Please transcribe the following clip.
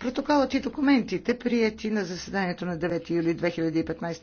Протоколът и документите, прияти на заседанието на 9 юли 2015